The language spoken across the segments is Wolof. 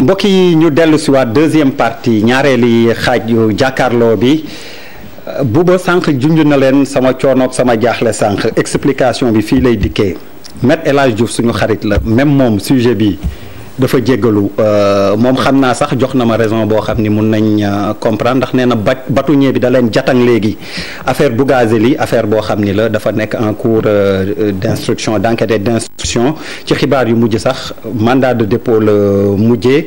mbokk yi ñu dellu si waat deuxième partie ñaareeli xaaju jàkkaarloo bi Bouba sànq junj na leen sama coonoog sama jaaxle sànq explication bi fii lay dikkee Me El Hadji suñu xarit la même moom sujet bi dafa jéggalu euh, moom xam naa sax jox na ma raison boo xam ni mun nañ euh, comprendre ndax nee na ba batuñee bi da leen jatang léegi affaire Bougazelli affaire boo xam ni la dafa nekk en cours euh, d' instruction d' enquête et ci xibaar yu mujj sax mandat de dépôt la mujjee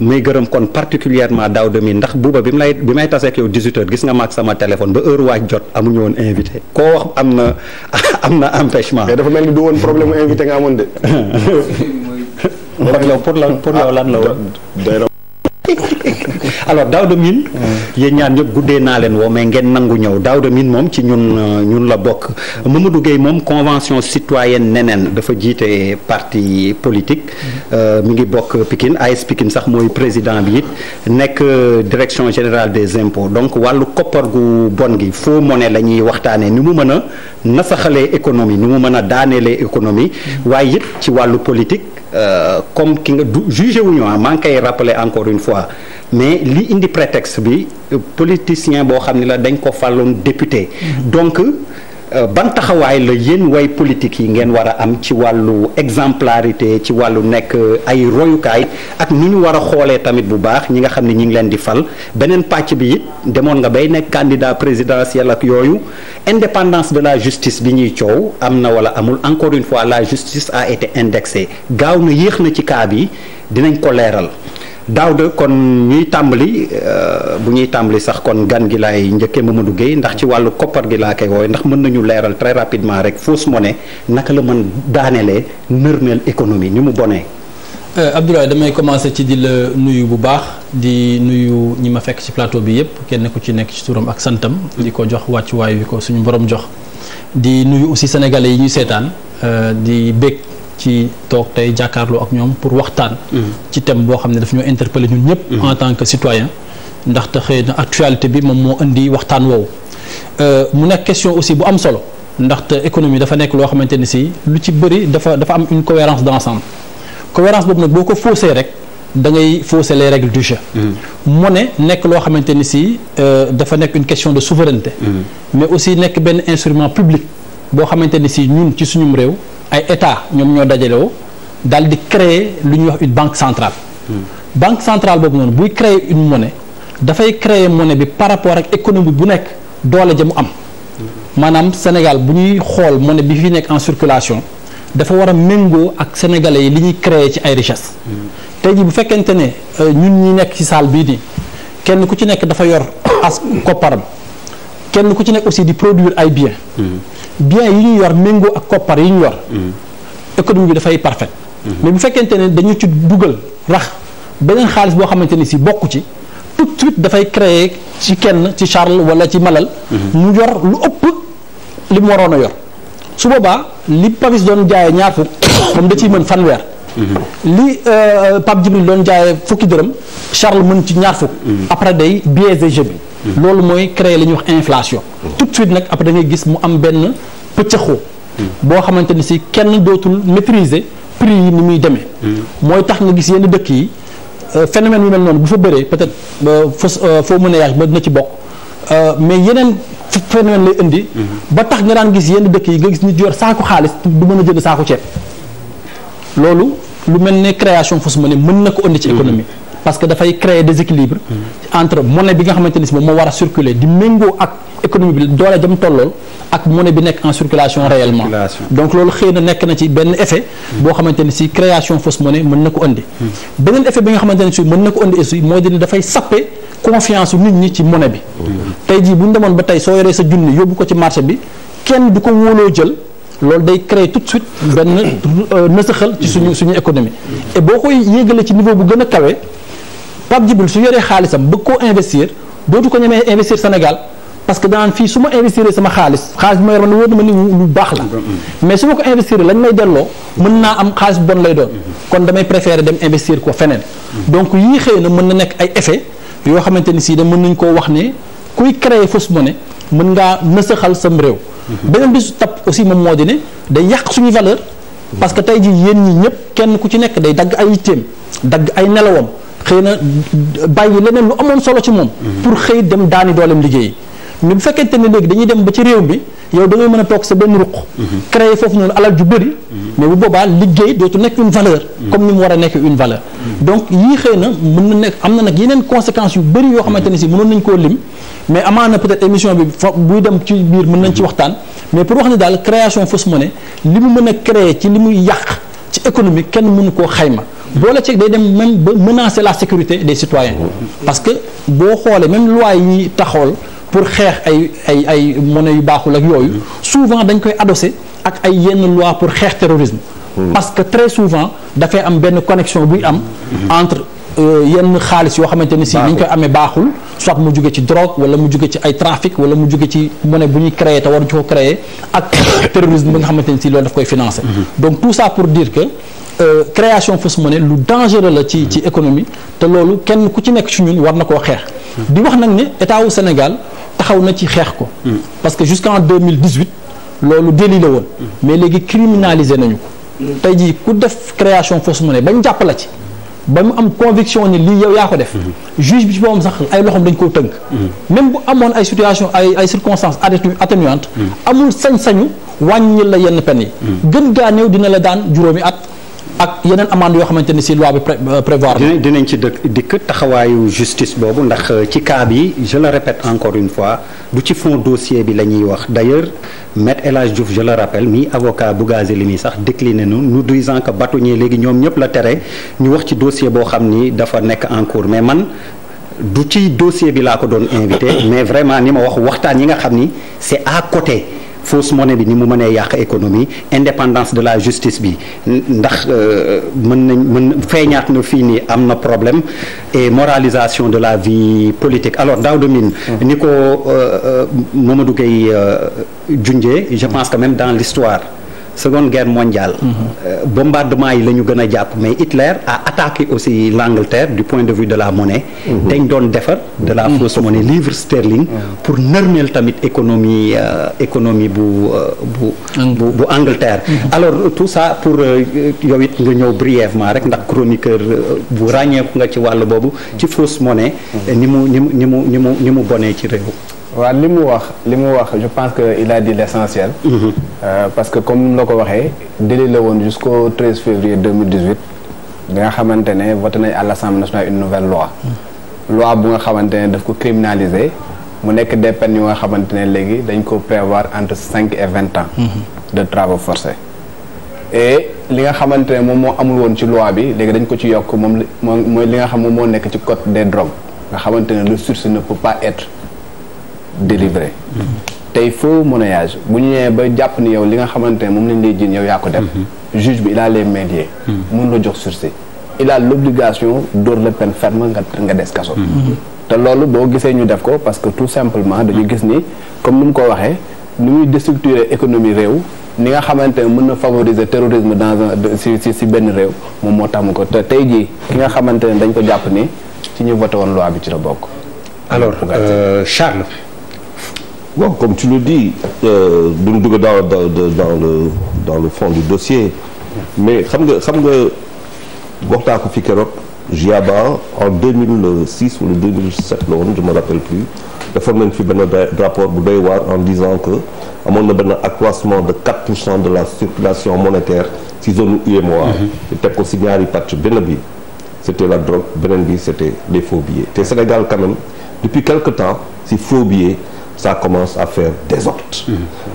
muy gërëm kon particulièrement daaw demi ndax buuba bi mu lay bi may taseek yow 18 heures gis nga maag sama téléphone ba heure waaj jot amuñu woon invité koo wax am na am na empêchement. mais kon yow pour la pour yow lan la woon. alors Daouda Mine hmm. yéen ñaan ñëpp guddee naa leen woo mais ngeen nangu ñëw Daouda Mine moom ci ñun euh, ñun la bokk ma Mamadou duggee moom convention citoyenne neneen dafa jiite parti politique mu hmm. euh, ngi bokk Pikine AS Pikine sax mooy président bi it nekk euh, direction générale des impôts donc wàllu koppar gu bon gi faux monnaie la ñuy waxtaanee ni mu mën a nasaxalee économie ni mu mën a daaneelee économie hmm. waaye it ci wàllu politique Euh, comme ki nga du jugé wuñu ah maa ngi koy encore une fois mais li indi prétexte bi euh, politicien boo xam ni la dañ ko fàlloon député mm-hmm. donc Euh, ban taxawaay la yéen way politique yi ngeen war a am ci wàllu exemplarité ci wàllu nekk euh, ay royukaay ak ni ñu war a xoolee tamit bu baax ñi nga xam ne ñi ngi leen di fal beneen pàcc bi it demoon nga bay nekk candidat présidentiel ak yooyu indépendance de la justice bi ñuy coow am na wala amul encore une fois la justice à été indexée gaaw na yéex na ci cas bi dinañ ko leeral daaw Daouda kon ñuy tàmbali euh, bu ñuy tàmbali sax kon gan gi laay njëkkee Mamadou Guèye ndax ci wàllu koppar gi laa koy ndax mën nañu leeral très rapidement rek fausse monnaie naka la mën daanelee nërmeel économie ni mu bone euh, Abdoulaye damay commencer ci di la nuyu bu baax di nuyu ñi ma fekk ci plateau bi yépp kenn ku ci nekk ci turam ak santam. di ko jox wàccuwaay wi ko suñu borom jox. di nuyu aussi sénégalais yi ñu seetaan euh, di bég. ci toog tey jàkkaarloo ak ñoom pour waxtaan. Mm-hmm. ci thème boo xam ne daf ñoo interpeller ñun ñëpp. Mm-hmm. en tant que citoyen ndaxte xëy na actualité bi moom moo indi waxtaan woowu euh, mu nekk question aussi bu am solo ndaxte économie dafa nekk loo xamante ni si lu ci bëri dafa dafa am une cohérence d'ensemble cohérence boobu nag boo ko faussé rek. dangay ngay fausser les règles du jeu. Mm-hmm. mu ne nekk loo xamante ni si euh, dafa nekk une question de souveraineté. mais aussi nekk benn instrument public boo xamante ni si ñun ci suñum réew. ay état ñoom ñoo dajalewu daal di créer lu ñuy wax une banque centrale hmm. banque centrale boobu noonu buy créer une monnaie dafay créer monnaie bi par rapport ak économie bu nekk doole ja mu am hmm. maanaam Sénégal bu ñuy xool monnaie bi fi nekk en circulation dafa war a méngoo ak sénégalais yi li ñuy créer ci ay richesse hmm. tey jii bu fekkente ne euh, ñun ñi nekk ci salle bii nii kenn ku ci nekk dafa yor as kopparam kenn ku ci nekk aussi di produire ay bien mm-hmm. bien yi ñu yor méngoo ak koppar yi ñu yor. Mm-hmm. économie bi dafay parfaite. Mm-hmm. mais bu fekkente ne dañu ci dugal rax beneen xaalis boo xamante ni si bokk ci tout suite dafay créer ci kenn ci Charles wala ci Malal. mu yor lu ëpp li mu waroon a yor su boobaa li Pavis doon jaayee ñaar fukk moom da ciy mën fanweer. li euh, Pape Djibril doon jaayee fukki dërëm Charles mën ci ñaar fukk. après day biaisé jeu bi. loolu mooy créer li ñuy wax inflation. tout de suite nag après da gis mu am benn pëccëxoo. boo xamante ni si kenn dootul maitriser prix yi ni muy demee. mooy tax nga gis yenn dëkk yi euh, phénomène yu mel noonu bu fa bëree peut-être euh, foo euh, foo mën a yaay ba dina ci bokk mais yeneen phénomène lay indi. Mm-hmm. ba tax nga daan gis yenn dëkk yi nga gis nit yor saako xaalis du mën a jënd saako ceeb loolu lu mel ne création fausse monnaie mën na ko indi ci mm-hmm. économie. parce que dafay créer déséquilibre entre monnaie bi nga xamante ni si moom moo war a circuler di méngoo ak économie bi doole jam tollool ak monnaie bi nekk en circulation réellement donc loolu xëy na nekk na ci benn effet boo xamante ni si création fausse monnaie mën na ko indi beneen effet bi nga xamante ni si mën na ko indi aussi mooy dina dafay sappe confiance nit ñi ci monnaie bi tey jii bu ñu demoon ba tey soo yoree sa junni yóbbu ko ci marché bi kenn du ko wóoloo jël loolu day créer tout de suite benn euh, nasaxal ci suñu suñu économie et boo koy yéegale ci niveau bu gën a kawe Pape Djibril su yoree xaalisam bëgg koo investir dootu ko ñemee investir Sénégal parce que danaan fii su ma investir sama xaalis xaalis bi ma yor ma wóor ma ni lu baax la mais su ma ko investir lañ may delloo mën naa am xaalis bu bon lay doon kon damay préférer dem investir ko feneen donc yii xëy na mën na nekk ay effet yoo xamante ni sii da mën nañ koo wax ne kuy créer fausse monnaie mën ngaa nësaxal sam réew beneen bi su tapp aussi moom moo di ne day yàq suñu valeur parce que tey jii yéen ñi ñëpp kenn ku ci nekk day dagg ay yitteem dagg ay nelawam xëy na bàyyi leneen lu amoon solo ci moom. pour xëy dem daani dooleem liggéey mais bu fekkee ne léegi dañuy dem ba ci réew bi yow da ngay mën a toog sa benn ruq. créer foofu noonu alal ju bëri. mais bu boobaa liggéey dootu nekk une valeur. comme ni mu war a nekk une valeur. donc yii xëy na mun na nekk am na nag yeneen conséquence yu bëri yoo xamante ne si mënoon nañ koo lim. mais amaana peut-être émission bi fa buy dem ci biir mën nañ ci waxtaan mais pour wax ne daal création fausse monnaie li mu mën a créer ci li muy yàq ci économique kenn mënu koo xayma. boole ceeg day dem même ba menacer la sécurité des citoyens parce que boo xoolee même loi yi ñuy taxawal pour xeex ay ay ay monnaie yu baaxul ak yooyu souvent dañ koy adossé ak ay yenn loi pour xeex terrorisme parce que très souvent dafay am benn connexion buy am entre euh, yenn xaalis yoo xamante ni si ni koy amee baaxul soit mu jóge ci drogue wala mu jóge ci ay trafic wala mu jóge ci monnaie bu ñuy créer te waruñu ko créer ak terrorisme bi nga xamante ni si loolu daf koy financer mhm. donc tout ça pour dire que Euh, création fausse monnaie lu dangereux la ci ci économie te loolu kenn ku ci nekk ci ñun war na koo xeex di wax nag ni état wu Sénégal taxaw na ci xeex ko mm. parce que jusqu'en 2018 loolu délit la woon mm. mais léegi criminalisé nañu ko mm. tey jii ku def création fausse monnaie ba ñu jàpp la ci ba mu am conviction ni lii yaa ko def mm-hmm. juge bi ci boppam sax ay loxoom dañ koo tënk mm-hmm. même bu amoon ay situation ay ay circonstances atténuantes amul sañ-sañu wàññi la yenn peine yi gën gaa néew dina la daan juróomi at ak yeneen amende yoo xamante ni si loi bi euh, prévoir dinañ ci dëkk dikk taxawaayu justice boobu ndax euh, ci cas bi je le répète encore une fois du ci fond dossier bi la ñuy wax d' ailleurs maître El Hadj Diouf je le rappelle mi avocat Bougazeli sax décliné nu nous disant que bâtonnier léegi ñoom ñëpp la tere ñu wax ci dossier boo xam ni dafa nekk en cours mais man. du ci dossier bi laa ko doon invité mais vraiment ni ma wax waxtaan yi nga xam ni c'est à côté fausse monnaie bi ni mu mënee yàq économie indépendance de la justice bi ndax euh, mën nañ mën feeñaat na fii nii am na problème et moralisation de la vie politique alors Daouda Mine mm. ni ko euh, euh, Mamadou Gueye junjee je pense que même dans l'histoire seconde guerre mondiale. Mhm. Euh, bombardement yi la ñu gën a jàpp mais Hitler a attaque aussi l'Angleterre du point de vue de la monnaie. Mhm. dañ doon defar de la mhm. fausse monnaie livre sterling. pour nërmeel tamit économie euh, économie bu euh, bu bu bu Angleterre. alors tout ça pour euh, yow it nga ñëw brièvement rek ndax chroniqueur bu ràññeeku nga ci wàll boobu ci fausse monnaie. ni mu ni mu ni mu ni mu ni mu bonee ci réew. waaw li mu wax li mu wax je pense que il a dit l'essentiel mm-hmm. euh, parce que comme la ko waxee délai la woon jusqu'au 13 février 2018 bi nga xamante ne voté nañ à l'Assemblée nationale une nouvelle loi mm-hmm. loi bu nga xamante ne daf ko criminaliser mu nekk des yu nga xamante ne léegi dañ ko prévoir entre cinq et vingt ans mm-hmm. de travaux forcés et li nga xamante ne moom moo amul woon ci loi bi léegi dañ ko ci yokk moom moom mooy li nga xam moom moo nekk ci code des drogues nga xamante ne le sursis ne peut pas être délivré. tey faux monnayage bu ñu ñëwee ba jàpp ni yow li nga xamante ne moom lañ lay jiin yow yaa ko def. Mhm. juge bi il a les médier. Mhm. mun la jox sursis. il l'obligation door la peine ferme nga nga des kaso. Mhm. te loolu boo gisee ñu def ko parce que tout simplement dañu gis ni comme ni mu ko waxee ni muy déstructurer économie réew. ni nga xamante ne mën na favoriser terrorisme dans un si si si benn réew moom moo tax mu ko te tey jii ki nga xamante ne dañ ko jàpp ni ci ñu voté woon loi bi ci la bokk. alors euh, Charles. Bon, comme tu le dis, euh, duñ dugg dans, dans, le dans le fond du dossier mais xam nga xam nga waxtaan ko fi keroog Giaba en 2006 ou le 2007 la woon je me rappelle plus defoon nañ fi benn rapport bu doy waar en disant que amoon na benn accroissement de quatre pour cent de la circulation monétaire ci zone UEMOA te mm-hmm. teg ko ci ñaari pàcc benn bi c' était la drogue beneen bi c' était les faux billets te Sénégal quand même depuis quelque temps ci faux ça commence à faire désordre.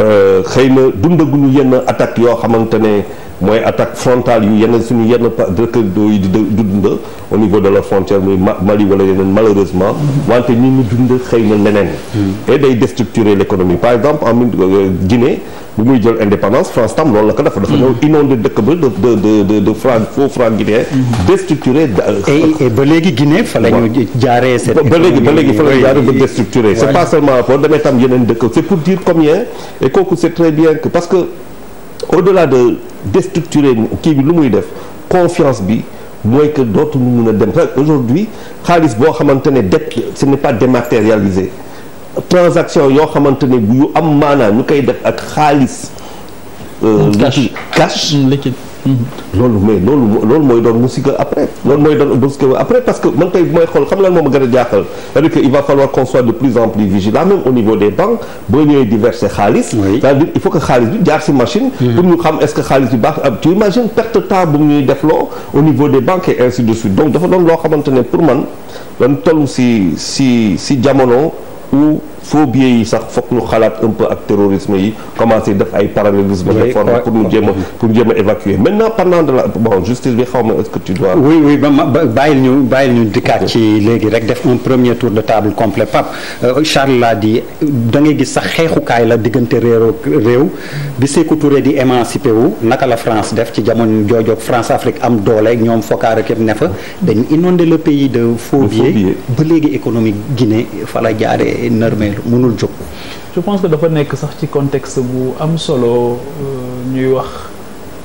Euh, xëy na dundaguñu yenn attaques yoo xamante ne mooy attaque frontale yu yenn suñu yenn dëkkandoo yi di dund au niveau de la frontière muy Mali wala yeneen malheureusement. wante ñi ñu dund xëy na leneen. Mm. et day déstructurer l'économie par exemple en euh, Guinée bu muy jël indépendance France tam loolu la ko dafa dafa mm. ñëw inondé dëkk ba de de de de de franc faux franc guinéen. Mm. ba léegi Guinée fa la jaaree. ba léegi c'est demee tam yeneen dëkk c'est pour dire combien et kooku c'est très bien que parce que au-delà de déstructurer kii bi lu muy def confiance bi mooy que dootuñu mun a dem rek aujourd'hui xaalis boo xamante ne det ce n'est pas dématérialisé transaction yoo xamante ne bu am maanaa ñu koy def ak xaalis euh, cash mm, loolu mais loolu loolu mooy doon musique après loolu mooy doon musique après parce que man tey bu may xool xam lan moo ma gën a jaaxal c'est-à-dire que il va falloir qu'on de plus en plus vigilant même au niveau des banques boo ñëwee di verser xaalis que xaalis bi jaar ci machine mm-hmm. pour ñu est-ce que xaalis bi baax ah, tu imagines perte temps bu ñuy def loo au niveau des banques et ainsi de suite donc dafa doon loo xamante ne man dañ toll ci ci ci jamono faux biais yi sax foog ñu xalaat un ak terrorisme yi commencé def ay parallélisme de forme pour ñu jéem a pour jéem a évacuer maintenant pendant de la bon justice bi xaw ma est-ce que tu dois. ba ma bàyyil ñu bàyyil ñu léegi rek def un tour de table complet Pape euh, Charles l'a dit da gis sax xeexukaay la diggante réero réew bi Sékou Touré di émancipé wu naka la France def ci jamono joojoog France Afrique am doole ñoom Foccart ak ne fa dañu inondé le pays de faux biais ba léegi économique Guinée fa la jaaree n mënul jóg. je pense que dafa nekk sax ci contexte bu am solo euh, ñuy wax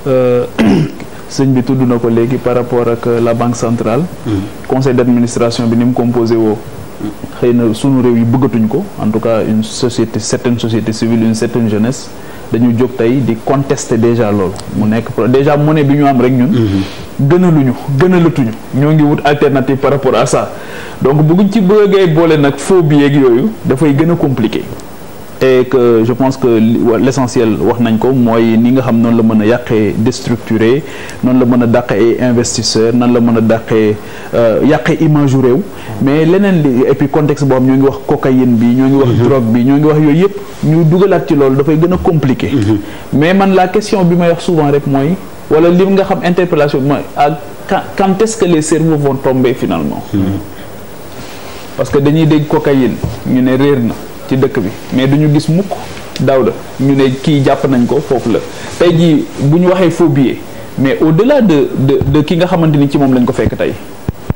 euh, sëñ bi tudd na ko léegi par rapport ak euh, la banque centrale. Mm. conseil d'administration bi ni mu composé woo. Mm. xëy na sunu réew yi bëggatuñ ko en tout cas une société certaine société civile une certaine jeunesse. dañu jóg tey di contester déjà loolu mu nekk déjà monnaie bi ñu am rek ñun mhm. gënaluñu gënalatuñu ñoo ngi wut alternative par rapport à saa donc bëgguñ ci bëggee boole nag phobie yeeg yooyu dafay gën a compliqué et que je pense que l'essentiel wax nañ ko mooy ni nga xam noonu la mën a yàqee déstructuré noonu la mën a dàqee investisseur noonu la mën a dàqee euh, yàqee image réew mais leneen li et puis boo xam ñoo ngi wax cocaïne bi ñoo ngi wax mm-hmm. drogue bi ñoo ngi wax yooyu yëpp ñu dugalaat ci loolu dafay gën a compliqué mm-hmm. mais man la question bi may wax souvent rek mooy wala li nga xam interpellation bi mooy ak quand est-ce que les cerveaux vont tomber finalement mm-hmm. parce que ci dëkk bi mais duñu gis mukk Daouda ñu ne kii jàpp nañ ko foofu la tey jii bu ñu waxee faux billet mais au delà de de de ki nga xamante ni ci moom lañ ko fekk tey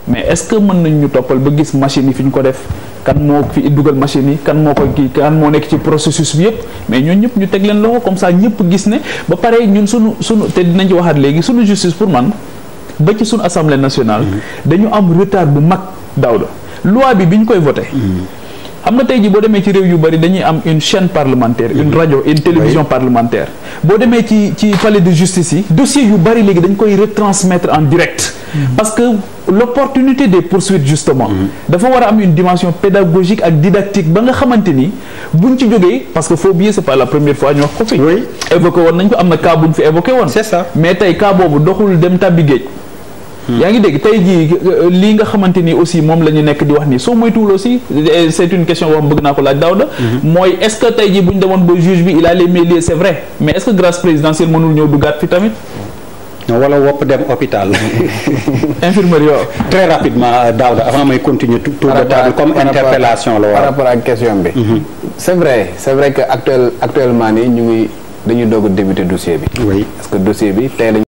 mais est ce que mën nañ ñu toppal ba gis machine yi fi ñu ko def kan moo fi dugal machine yi kan moo ko kii kan moo nekk ci processus bi yëpp mais ñun ñëpp ñu teg leen loxo comme ça ñëpp gis ne ba pare ñun suñu suñu te dinañ ci waxaat léegi suñu justice pour man ba ci suñu assemblée nationale. Mm-hmm. dañu am retard bu mag Daouda loi bi bi ñu koy voté. Mm-hmm. xam nga tey ji boo demee ci réew yu bëri dañuy am une chaine parlementaire une radio une télévision parlementaire boo demee ci ci palais de justice yi dossier yu bëri léegi dañ koy retransmettre en direct mm-hmm. parce que l'opportunité des poursuites justement mm-hmm. dafa war a am une dimension pédagogique ak didactique ba nga xamante ni buñ ci jógee parce que faut oublier c'est pas la première fois ñu wax ko fi évoqué woon nañ ko am na cas buñ fi évoqué woon c'est ça mais tey cas boobu dem tàbbi géej Hmm. yaa ngi dégg tey jii euh, li nga xamante ni aussi moom la ñu nekk di wax nii soo moytuwul aussi euh, c'est une question boo xam bëgg naa ko laaj Daouda hmm. mooy est-ce que tey jii bu ñu demoon ba juge bi il a les mêlés c'est vrai mais est-ce que grâce présidentielle mënul ñëw duggaat fi tamit wala wopp dem hôpital infirmerie yoo très rapidement euh, Daouda avant may continuer tour de table comme interpellation la par rapport ak question bi mhm. c'est vrai c'est vrai que actuel actuellement nii ñu ngi dañuy doog a débuter dossier bi